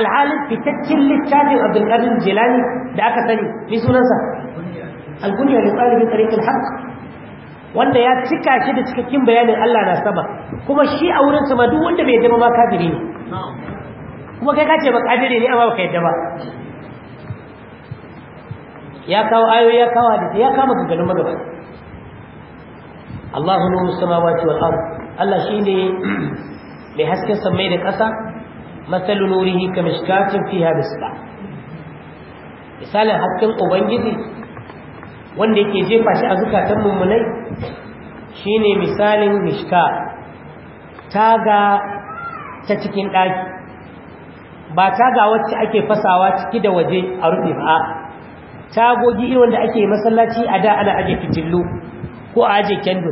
alhalin fitaccen littafin abdulkadir jelani da aka sani ni sunansa algunya da da tarikin haq wanda ya cika shi da cikakken bayanin Allah na saba kuma shi a wurin sama duk wanda bai zama ma kafiri ne kuma kai ka ce ba kafiri ne amma ba ka yadda ba ya kawo ayoyi ya kawo da ya kama ganganin magaba Allahu nuru samawati wal ard Allah shine mai hasken samai da ƙasa masalu nurihi kamishkatin fiha misbah misalin hasken ubangiji wanda yake jefa shi a zukatan mummunai shine misalin mishka taga ta cikin ɗaki ba taga wacce ake fasawa ciki da waje a rufe ba tagogi irin wanda ake masallaci a da ana aje fitillu ko a aje kendo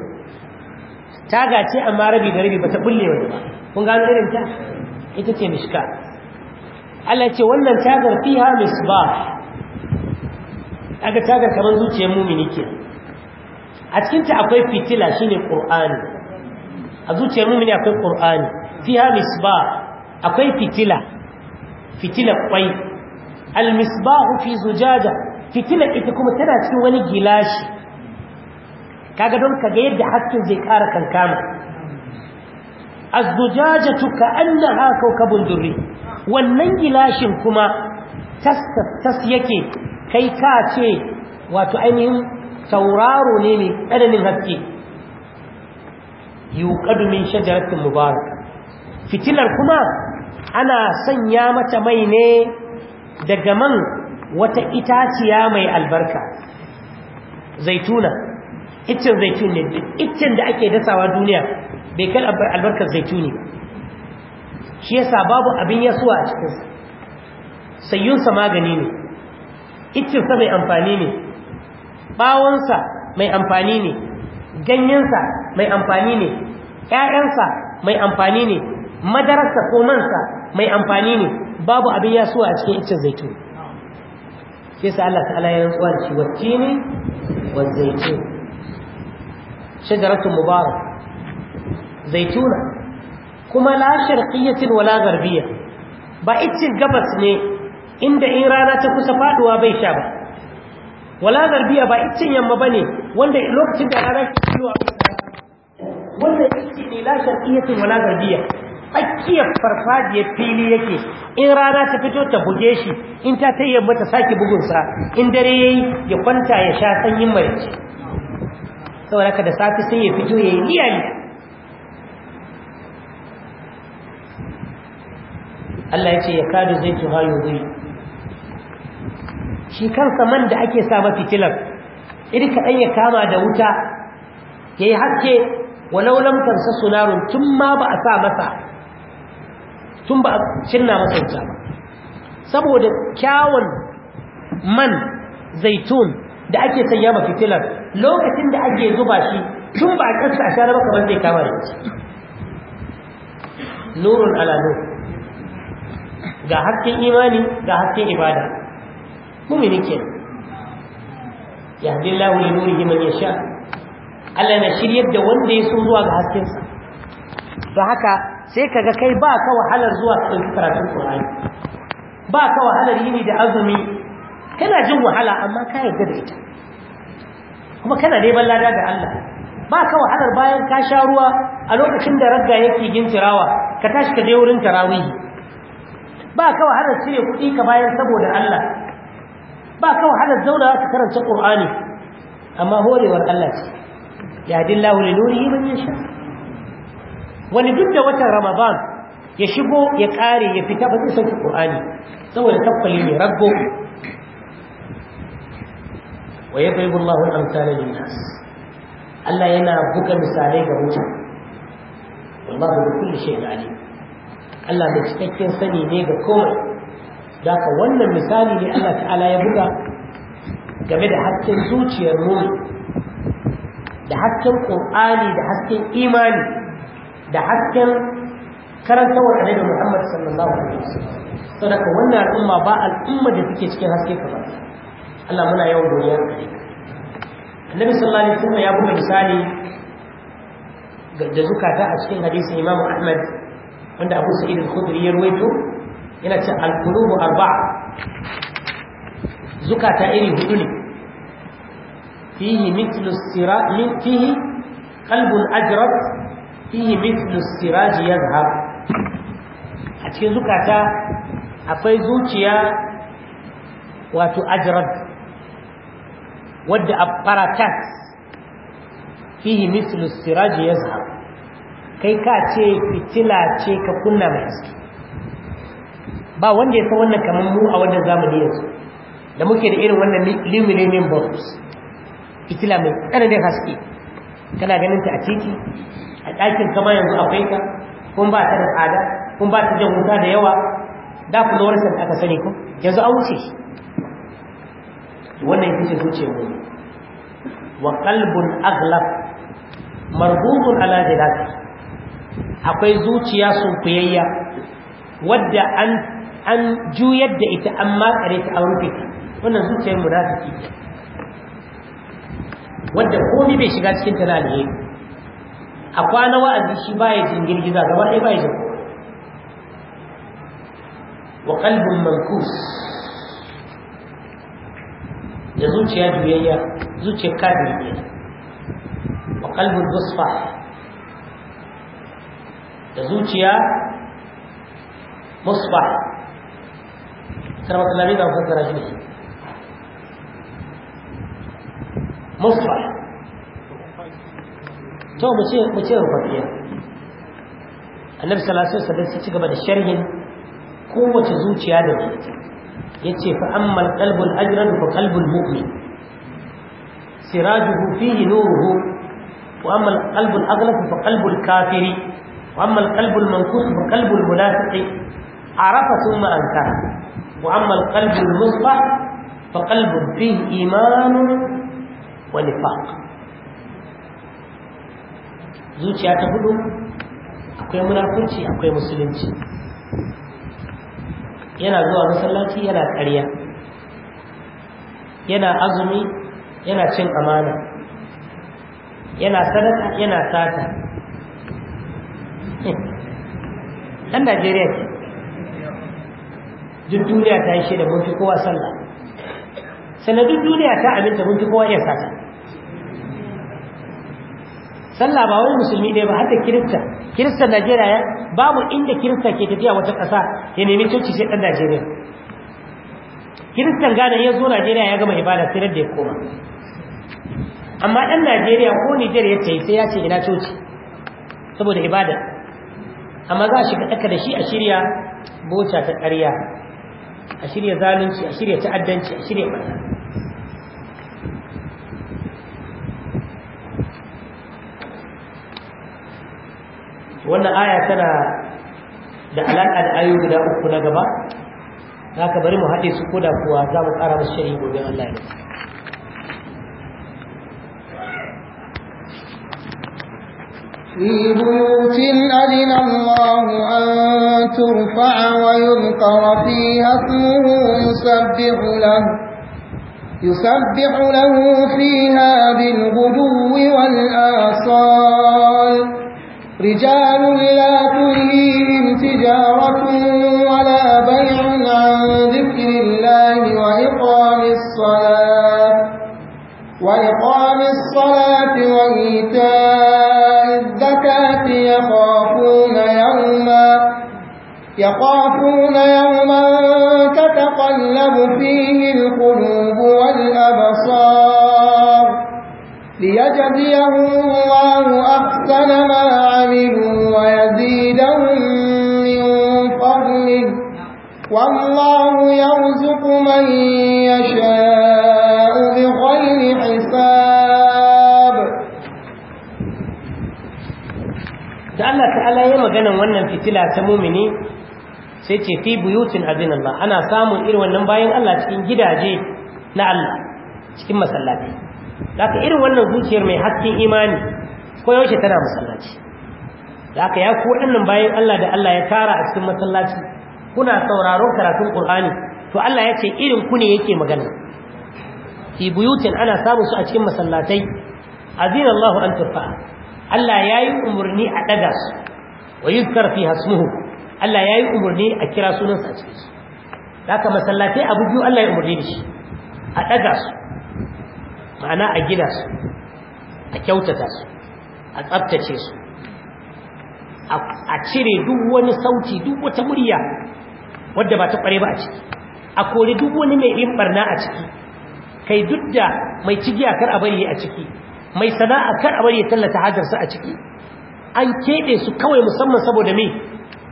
taga ce amma rabi da rabi ba ta bulle wani ba kun gano irin ta ita ce mishka Allah ce wannan tagar fiha misbah aga tagar kamar zuciyar mumini ke a cikin ta akwai fitila shine qur'ani a zuciyar mumini akwai qur'ani fiha misbah akwai fitila fitila kwai al misbah fi zujaja fitilar ita kuma tana cikin wani gilashi kaga don ka ga yadda haskin zai kara kankama azzujajatu annaha kawkabun durri wannan gilashin kuma tas yake kai ka ce wato ainihin tauraro ne mai tsananin haske yuqadu min shajaratin mubarak fitilar kuma ana sanya mata mai ne daga man wata itaciya mai albarka zaituna iccen zaitun ne iccen da ake dasawa duniya bai kai albarkar zaituni ba shi yasa babu abin yasuwa a cikinsa Sayunsa magani ne iccinsa mai amfani ne bawonsa mai amfani ne ganyensa mai amfani ne ƴaƴansa mai amfani ne madararsa ko mansa mai amfani ne babu abin yasuwa a cikin iccen zaituni shi sa Allah ta'ala ya rantsuwa da shi wattini wa zaitun shajaratun mubarak zaituna kuma la sharqiyyatin wala gharbiyya ba iccin gabas ne inda in rana ta kusa faduwa bai sha ba wala garbiya ba iccin yamma ba ne wanda lokacin da rana ke ciwo a wanda iccin ne la sharqiyyatin wala garbiya tsakiyar farfajiyar fili yake in rana ta fito ta buge shi in ta ta yamma ta sake bugunsa in dare ya yi ya kwanta ya sha sanyin marici saboda ka da safi sai ya fito ya yi niyali Allah ya ce ya kado zai tuha yuzuri shi kansa man da ake sa fitilar iri kaɗan ya kama da wuta ya yi haske walau lamtarsa sunarun tun ma ba a sa masa tun ba a cinna masa wuta ba saboda kyawun man zaitun da ake sanya ma fitilar lokacin da ake zuba shi tun ba a kasa a share ba kamar zai kama da shi nurun ala ga hasken imani ga hasken ibada mumini ke yahdi Allahu li nurihi man yasha Allah na shiryar da wanda ya so zuwa ga haskensa don haka sai kaga kai ba ka wahalar zuwa cikin karatun Qur'ani ba ka wahalar yini da azumi kana jin wahala amma ka yarda da ita kuma kana neman lada da Allah ba ka wahalar bayan ka sha ruwa a lokacin da ragga yake gintirawa ka tashi ka je wurin tarawih ba ka wahalar cire kuɗi ka bayar saboda Allah ba ka wahalar zauna ka karanta Qur'ani amma horewar Allah ce ya dillahu linurihi man yasha wani duk da watan ramadan ya shigo ya kare ya fita ba zai sauki qur'ani saboda tafkali ne raggo wa yadribu Allahu al-amsala lin-nas Allah yana buga misalai ga mutane wallahu bi kulli shay'in alim Allah mai cikakken sani ne ga komai Da daga wannan misali ne Allah ta'ala ya buga game da hasken zuciyar mu da hasken qur'ani da hasken imani da hasken karantawar annabi Muhammad sallallahu alaihi wasallam saboda wannan al'umma ba al'umma da take cikin haske ka ba Allah muna yawan godiya Annabi sallallahu alaihi wasallam ya buga misali da zukata a cikin hadisin Imam Ahmad wanda Abu Sa'id al-Khudri ya ruwaito yana cewa al-qulubu arba'a zukata iri hudu ne fihi mithlu sira fihi qalbun ajrad fihi mithlu siraji yadhhab a cikin zukata akwai zuciya wato ajrad wadda apparatus fihi mithlu siraji yadhhab kai ka ce fitila ce ka kunna mai ba wanda ya san wannan kamar mu a wannan zamani yanzu da muke da irin wannan limilimin bulbs fitila mai tsananin haske kana ganin ta a titi a ɗakin kama yanzu akwai ka kun ba ta da tsada kun ba ta jan wuta da yawa da ku zuwar da aka sani ku yanzu an wuce wannan ita fice zuciyar mu wa qalbun aglaf marbubun ala dilati akwai zuciya sun kuyayya wadda an an juyar da ita an makare ta an rufe wannan zuciyar munafiki wadda komi bai shiga cikin tana da yi a kwana wa'azi shi baya jin girgiza gaba ɗaya baya jin wa qalbun mankus da zuciya biyayya zuciya kafin ne wa qalbun busfa da zuciya musfa sarwata labi da fasara shi musfa to mu ce mu ce rufaffiya annabi sallallahu alaihi wasallam sai ci gaba da sharhin kowace zuciya da zuciya yace fa ammal qalbul ajran fa qalbul mu'min sirajuhu fihi nuruhu wa ammal qalbul aghlaq fa qalbul kafiri wa ammal qalbul mankus fa qalbul munafiqi arafa thumma ankara wa ammal qalbul musbah fa qalbun fihi imanun wa nifaq zuciya ta hudu akwai munafurci akwai musulunci yana zuwa masallaci yana ƙarya yana azumi yana cin amana yana sadaka yana sata ɗan [laughs] najeriya ce duk duniya ta yi shaida mun fi kowa sallah sannan duk duniya ta aminta mun fi kowa iya sata sallah ba wai musulmi ɗaya ba har da kirista kirista najeriya babu inda kirista ke tafiya wata ƙasa ya nemi coci sai dan najeriya kiristan gane ya zo najeriya ya gama ibada sai da ya koma amma ɗan najeriya ko nijar ya ce sai ya ce ina coci saboda ibada amma za a shiga ɗaka da shi a shirya boca ta ƙarya a shirya zalunci a shirya ta'addanci a shirya ɓarna wannan aya tana da alaƙa da ayoyi guda uku na gaba ka bari mu haɗe su da kuwa za mu ƙara musu shari'i gobe Allah ya في بيوت أذن الله أن ترفع ويذكر فيها اسمه يسبح له يسبح له فيها بالغدو والآصال رجال لا تلهيهم تجارة ولا بيع عن ذكر الله وإقام الصلاة وإقام الصلاة وإيتاء الزكاة يخافون يوما يخافون يوما تتقلب فيه القلوب والأبصار ليجزيهم الله أحسن ما آمنوا ويزيدهم من فضله والله يرزق من يشاء بغير حساب الله تعالى يما غنن wannan fitila ta mumini sai ce fi buyutin azin Allah ana samun irin wannan bayan Allah cikin gidaje na Allah cikin masallaci zaka irin wannan zuciyar mai hasken imani ko yaushe tana masallaci da aka yaku waɗannan bayan Allah da Allah ya tara a cikin masallaci kuna sauraron karatun Qur'ani to Allah ya ce irin ku ne yake magana fi buyutin ana samun su a cikin masallatai azina Allah an turfa Allah yayi umarni a ɗaga. su wa yuzkar fi hasmuhu Allah yi umarni a kira sunansa a cikin su da aka masallatai abu biyu Allah ya umarni da shi a ɗaga su ma'ana a gina su a kyautata su a tsabtace su a cire duk wani sauti duk wata murya wadda ba ta kware ba a ciki a kori duk wani mai yin barna a ciki kai duk da mai cigiya kar a bari a ciki mai sana'a kar a bari ya tallata hajarsa a ciki an keɓe su kawai musamman saboda me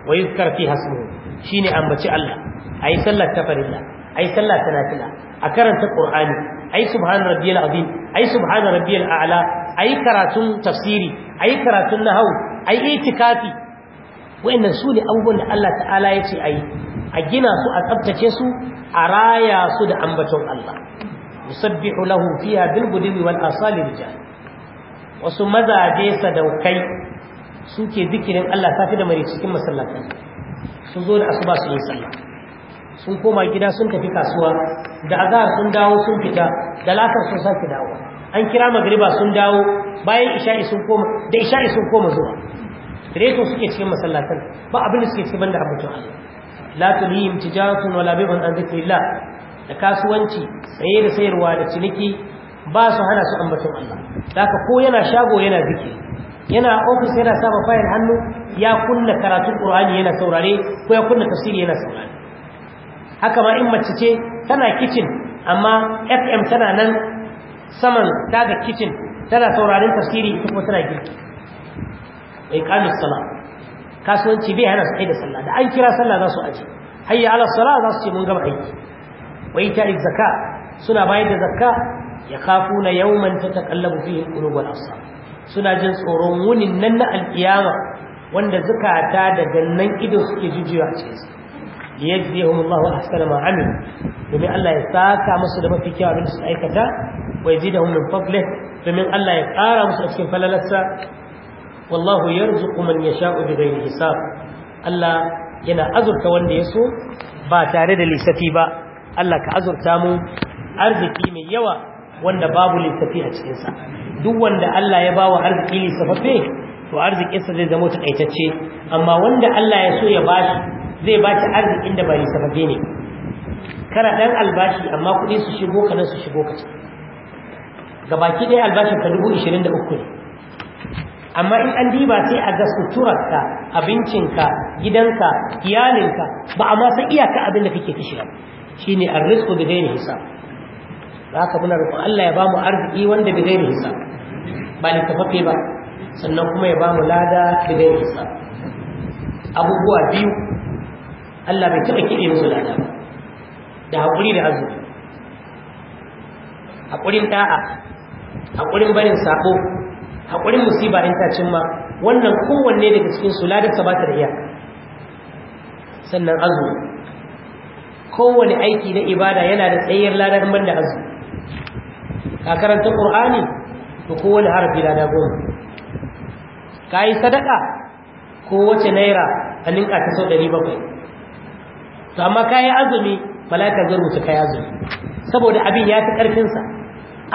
wa yuzkar fi hasmu shine ambaci Allah ayi sallar tafarilla ayi sallar tanafila a karanta qur'ani ayi subhan rabbiyal azim ayi subhan rabbiyal a'la ayi karatun tafsiri ayi karatun nahwu ai itikafi wayannan su ne abubuwan da Allah ta'ala ya ce a yi a gina su a tsabtace su a raya su da ambaton Allah musabbihu lahu fiha bil gudumi wal asali rijal wasu mazaje sadaukai suke zikirin Allah safi da mare cikin masallatan sun zo da asuba su yi sallah sun koma gida sun tafi kasuwa da azhar sun dawo sun fita da lasar sun sake dawo an kira magriba sun dawo bayan isha'i sun koma da isha'i sun koma zuwa reto suke cikin masallatan ba abin da suke cikin banda ambaton Allah la tulhim tijaratun wala bihun an zikrillah da kasuwanci saye da sayarwa da ciniki ba su hana su ambaton Allah haka ko yana shago yana zikiri yana ofis yana saba fayar hannu ya kunna karatun Qur'ani yana saurare ko ya kunna tafsiri yana saurare haka ma in mace ce tana kitchen amma FM tana nan saman daga kitchen tana sauraren tafsiri ita kuma tana girki iqamis sala kasuwanci bai hana su kai da sallah da an kira sallah za su aje hayya ala sala za su ce mun gama aiki wa ita'iz zakka suna bayar da zakka ya yawman tatakallabu fihi alqulub wal absar suna jin tsoron wunin nan na alkiyama wanda zakata da gannan ido suke jijiyo a cikin su liyajzihum Allahu ahsana ma amil domin Allah ya saka musu da mafi kyawun da su aikata wa yazidahum min fadlih domin Allah ya ƙara musu a cikin falalarsa wallahu yarzuqu man yasha'u bighairi hisab Allah yana azurta wanda ya so ba tare da lissafi ba Allah ka azurta mu arziki mai yawa wanda babu lissafi a cikinsa. duk wanda Allah ya bawa arziki lissafaffe to arzikinsa zai zama takaitacce amma wanda Allah ya so ya bashi zai bashi arzikin da ba lissafaffe ne kana dan albashi amma kuɗi su shigo ka nan su shigo ka gabaki ɗaya albashin ka dubu ishirin da uku ne amma in an diba sai a ga suturarka abincinka gidanka iyalinka ba a masa iyaka abin da kake kashewa shine arrizqu bi ghairi Za ka muna ruku? Allah ya ba mu arziki wanda bi ghairi hisa. ba ni kafafe ba sannan kuma ya ba mu lada bi ghairi hisa. abubuwa biyu Allah bai taɓa kiɗe musu lada ba da haƙuri da azumi haƙurin ta'a, haƙurin barin sako haƙurin musiba in ta cimma wannan kowanne daga cikin su ba ta da iya. sannan azumi kowane aiki na ibada yana da tsayar ladar ban da azumi ka karanta ƙur'ani to kowane harafi lada goma ka yi sadaka wace naira a linka ta sau ɗari bakwai to amma ka yi azumi malaka zai rubuta ka yi azumi saboda abin ya fi ƙarfinsa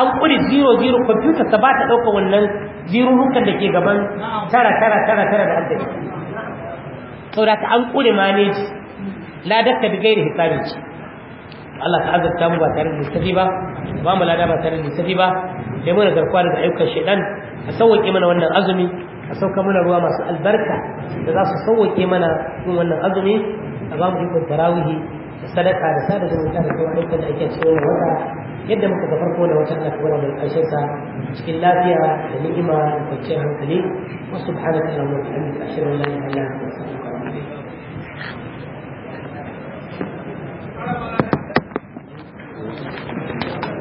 an kuri 00 computer ta ba ta dauka wannan zirurukan da ke gaban tara tara tara tara da addai saboda ta an kuri manage la dakka bi gairi hisabin ce Allah ta azabta mu ba tare da lissafi ba ba mu lada ba tare da lissafi ba sai mu garkuwa daga ayyukan shaidan a sauwake mana wannan azumi a sauka mana ruwa masu albarka da za su sauwake mana yin wannan azumi a ba mu ikon tarawihi da sadaka da sada zumunta da sauran ayyukan da ake cewa wata yadda muka ga farko da wata nasara da ƙarshen sa cikin lafiya da ni'ima da kwanciyar hankali wa subhanaka allahumma wa bihamdika ashhadu an la ilaha illa anta astaghfiruka wa atubu ilaik